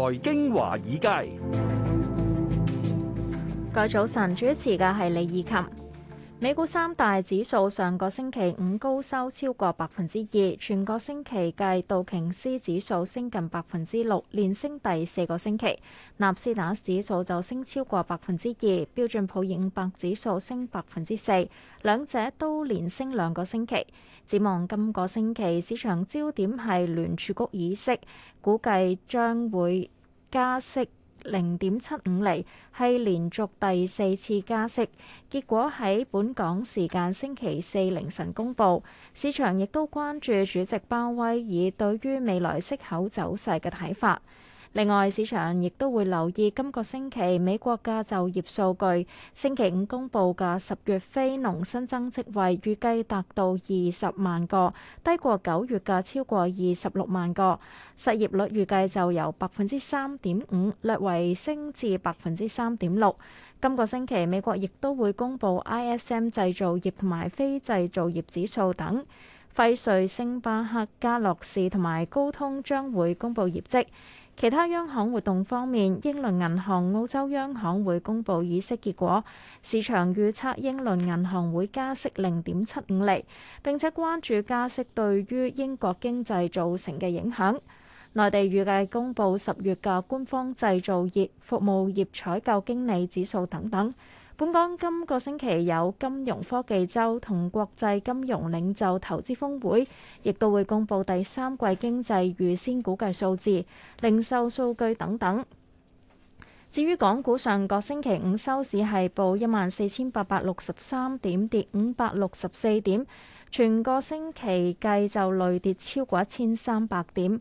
財經華爾街，個早晨主持嘅係李綺琴。美股三大指數上個星期五高收超過百分之二，全個星期計道瓊斯指數升近百分之六，連升第四個星期。納斯達克指數就升超過百分之二，標準普爾五百指數升百分之四，兩者都連升兩個星期。展望今個星期，市場焦點係聯儲局議息，估計將會加息。零點七五厘係連續第四次加息，結果喺本港時間星期四凌晨公布，市場亦都關注主席鮑威爾對於未來息口走勢嘅睇法。另外，市場亦都會留意今個星期美國嘅就業數據。星期五公佈嘅十月非農新增職位預計達到二十萬個，低過九月嘅超過二十六萬個。失業率預計就由百分之三點五略為升至百分之三點六。今個星期美國亦都會公佈 ISM 製造業同埋非製造業指數等。輝瑞、星巴克、加樂士同埋高通將會公佈業績。其他央行活動方面，英倫銀行、澳洲央行會公佈議息結果，市場預測英倫銀行會加息零點七五厘，並且關注加息對於英國經濟造成嘅影響，內地預計公佈十月嘅官方製造業、服務業採購經理指數等等。本港今個星期有金融科技周同國際金融領袖投資峰會，亦都會公布第三季經濟預先估計數字、零售數據等等。至於港股上個星期五收市係報一萬四千八百六十三點，跌五百六十四點，全個星期計就累跌超過一千三百點。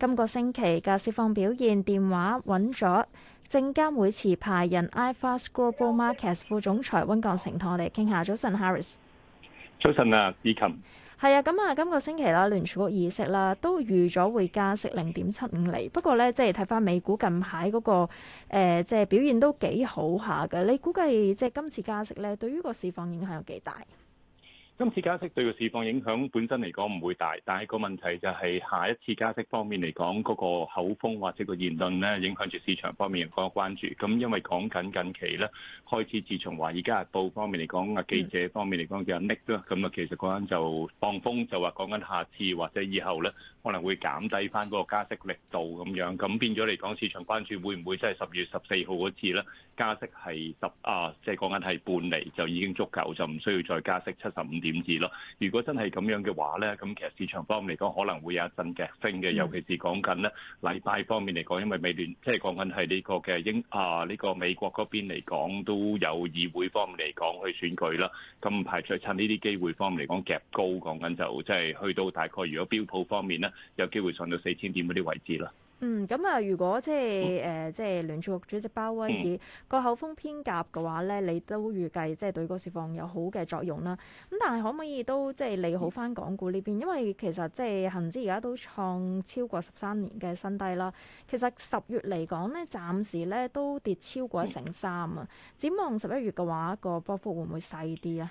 今個星期嘅市況表現，電話穩咗。證監會持牌人 iFAST Global Markets 副總裁温鋼成，同我哋傾下。早晨，Harris。早晨啊，以琴。係啊，咁啊，今個星期啦，聯儲局議息啦，都預咗會加息零點七五厘。不過咧，即係睇翻美股近排嗰、那個、呃、即係表現都幾好下嘅。你估計即係今次加息咧，對於個市況影響有幾大？今次加息對個市況影響本身嚟講唔會大，但係個問題就係下一次加息方面嚟講，嗰個口風或者個言論咧，影響住市場方面個關注。咁因為講緊近期咧，開始自從華爾街日報方面嚟講，啊記者方面嚟講有 Nick 啦，咁啊其實講緊就放風，就話講緊下次或者以後咧。可能會減低翻嗰個加息力度咁樣，咁變咗嚟講，市場關注會唔會真係十月十四號嗰次咧加息係十啊，即係講緊係半厘，就已經足夠，就唔需要再加息七十五點子咯。如果真係咁樣嘅話咧，咁其實市場方面嚟講可能會有一陣夾升嘅，尤其是講緊咧禮拜方面嚟講，因為美聯即係講緊係呢個嘅英啊呢個美國嗰邊嚟講都有議會方面嚟講去選舉啦。咁排除趁呢啲機會方面嚟講夾高，講緊就即係去到大概，如果標普方面咧。有機會上到四千點嗰啲位置啦。嗯，咁啊，如果即係誒，即係、嗯呃就是、聯儲局主席鮑威爾個、嗯、口風偏鴿嘅話咧，你都預計即係對個市況有好嘅作用啦。咁但係可唔可以都即係利好翻港股呢邊？因為其實即係恒指而家都創超過十三年嘅新低啦。其實十月嚟講咧，暫時咧都跌超過一成三啊。展、嗯、望十一月嘅話，個波幅會唔會細啲啊？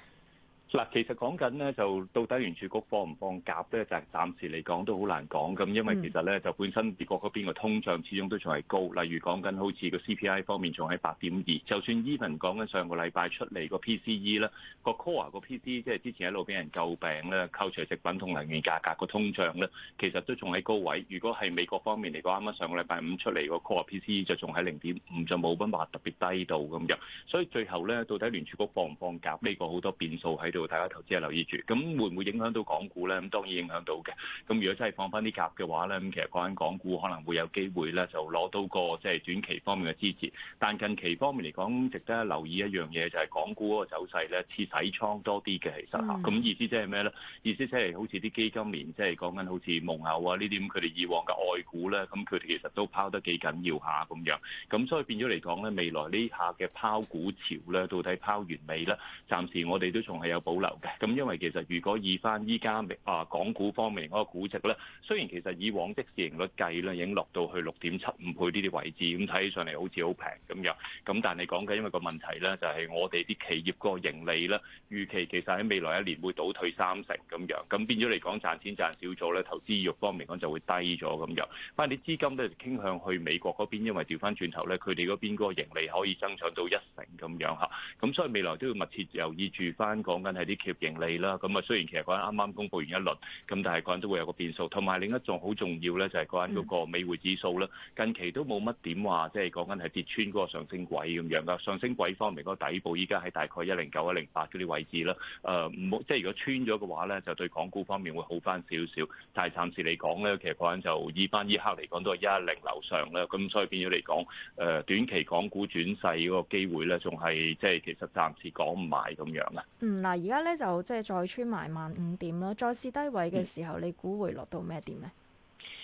嗱，其實講緊咧，就到底聯儲局放唔放鴿咧，就暫時嚟講都好難講咁，因為其實咧就本身美國嗰邊個通脹始終都仲係高，例如講緊好似個 CPI 方面仲喺八點二，就算 Even 講緊上個禮拜出嚟個 PCE 咧，個 Core 個 PCE 即係之前一路俾人詬病咧，扣除食品同能源價格個通脹咧，其實都仲喺高位。如果係美國方面嚟講，啱啱上個禮拜五出嚟個 Core PCE 就仲喺零點五，就冇乜話特別低度咁樣。所以最後咧，到底聯儲局放唔放鴿，呢個好多變數喺度。大家投資係留意住，咁會唔會影響到港股咧？咁當然影響到嘅。咁如果真係放翻啲鴿嘅話咧，咁其實講緊港股可能會有機會咧，就攞到個即係短期方面嘅支持。但近期方面嚟講，值得留意一樣嘢就係港股嗰個走勢咧，似洗倉多啲嘅，其實嚇。咁意思即係咩咧？意思即係好似啲基金連，即係講緊好似蒙牛啊呢啲咁，佢哋以往嘅外股咧，咁佢哋其實都拋得幾緊要下咁樣。咁所以變咗嚟講咧，未來呢下嘅拋股潮咧，到底拋完未咧？暫時我哋都仲係有，保留嘅，咁因為其實如果以翻依家啊港股方面嗰個估值咧，雖然其實以往的市盈率計咧，已經落到去六點七五倍呢啲位置，咁睇起上嚟好似好平咁樣，咁但係講緊因為個問題咧，就係我哋啲企業嗰個盈利咧，預期其實喺未來一年會倒退三成咁樣，咁變咗嚟講賺錢賺少咗咧，投資意欲方面講就會低咗咁樣，反啲資金咧傾向去美國嗰邊，因為調翻轉頭咧，佢哋嗰邊嗰個盈利可以增長到一成咁樣吓，咁所以未來都要密切留意住翻講緊。係啲企業盈利啦，咁啊、 嗯、雖然其實嗰陣啱啱公布完一輪，咁但係嗰陣都會有個變數。同埋另一種好重要咧，就係嗰陣嗰個美匯指數啦，近期都冇乜點話，即係講緊係跌穿嗰個上升軌咁樣噶。上升軌方面嗰個底部依家喺大概一零九一零八嗰啲位置啦。誒唔好，即係如果穿咗嘅話咧，就對港股方面會好翻少少。但係暫時嚟講咧，其實嗰陣就依翻依刻嚟講都係一零樓上啦。咁所以變咗嚟講，誒、呃、短期港股轉勢嗰個機會咧，仲係即係其實暫時講唔埋咁樣啊。嗯嗱。而家咧就即係再穿埋萬五點咯，再試低位嘅時候，嗯、你估會落到咩點呢？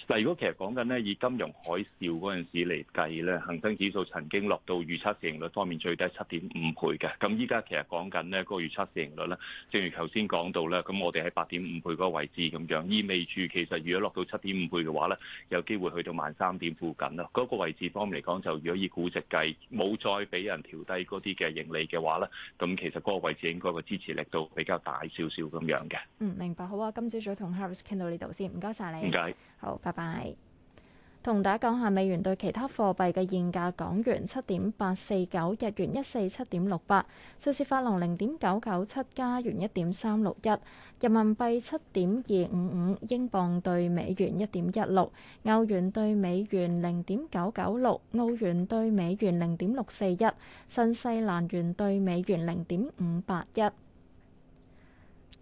嗱，如果其實講緊呢，以金融海嘯嗰陣時嚟計呢，恒生指數曾經落到預測市盈率方面最低七點五倍嘅。咁依家其實講緊呢嗰個預測市盈率呢，正如頭先講到咧，咁我哋喺八點五倍嗰個位置咁樣，意味住其實如果落到七點五倍嘅話呢，有機會去到萬三點附近啦。嗰、嗰個位置方面嚟講，就如果以估值計，冇再俾人調低嗰啲嘅盈利嘅話呢，咁其實嗰個位置應該個支持力度比較大少少咁樣嘅。嗯，明白。好啊，今朝早同 Harris 傾到呢度先，唔該曬你。唔該謝。好。拜拜。幣同大家講下，美元對其他貨幣嘅現價：港元七點八四九，日元一四七點六八，瑞士法郎零點九九七，加元一點三六一，人民幣七點二五五，英鎊兌美元一點一六，歐元兌美元零點九九六，澳元兌美元零點六四一，新西蘭元兌美元零點五八一。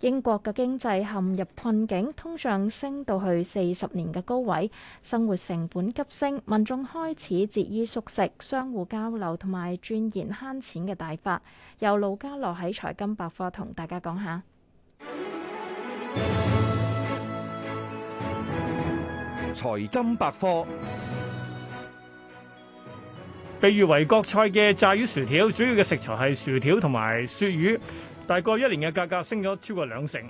英國嘅經濟陷入困境，通脹升到去四十年嘅高位，生活成本急升，民眾開始節衣縮食、相互交流同埋鑽研慳錢嘅大法。由盧家樂喺財金百貨同大家講下財金百貨，被譽為國菜嘅炸魚薯條，主要嘅食材係薯條同埋鱈魚。大概一年嘅價格升咗超過兩成，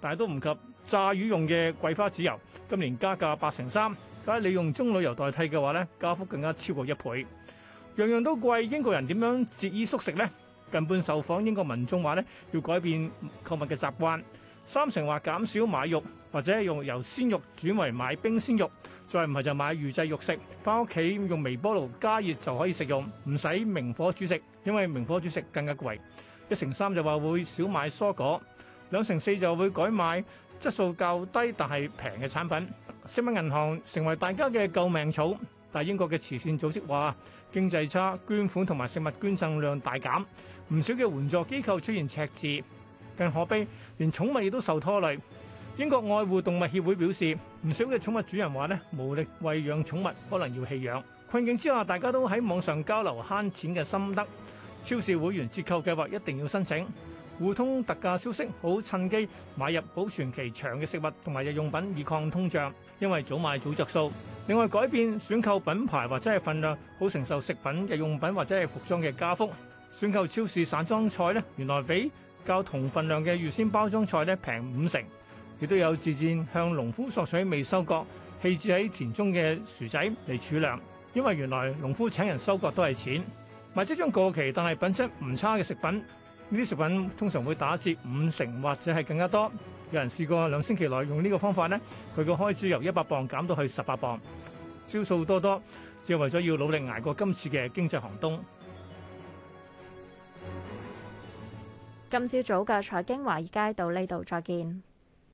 但係都唔及炸魚用嘅桂花籽油今年加價八成三，但咁你用棕櫚油代替嘅話咧，加幅更加超過一倍。樣樣都貴，英國人點樣節衣縮食呢？近半受訪英國民眾話咧，要改變購物嘅習慣，三成話減少買肉，或者用由鮮肉轉為買冰鮮肉，再唔係就買預製肉食，翻屋企用微波爐加熱就可以食用，唔使明火煮食，因為明火煮食更加貴。一成三就話會少買蔬果，兩成四就會改買質素較低但係平嘅產品。食物銀行成為大家嘅救命草，但英國嘅慈善組織話經濟差，捐款同埋食物捐贈量大減，唔少嘅援助機構出現赤字。更可悲，連寵物亦都受拖累。英國愛護動物協會表示，唔少嘅寵物主人話咧無力餵養寵物，可能要棄養。困境之下，大家都喺網上交流慳錢嘅心得。超市會員折扣計劃一定要申請，互通特價消息，好趁機買入保存期長嘅食物同埋日用品以抗通脹，因為早買早著數。另外改變選購品牌或者係份量，好承受食品、日用品或者係服裝嘅加幅。選購超市散裝菜呢，原來比較同份量嘅預先包裝菜呢平五成，亦都有自薦向農夫索取未收割、棄置喺田中嘅薯仔嚟儲糧，因為原來農夫請人收割都係錢。買即將過期但係品質唔差嘅食品，呢啲食品通常會打折五成或者係更加多。有人試過兩星期內用呢個方法呢，佢個開支由一百磅減到去十八磅。招數多多，只係為咗要努力捱過今次嘅經濟寒冬。今朝早嘅財經華爾街到呢度再見。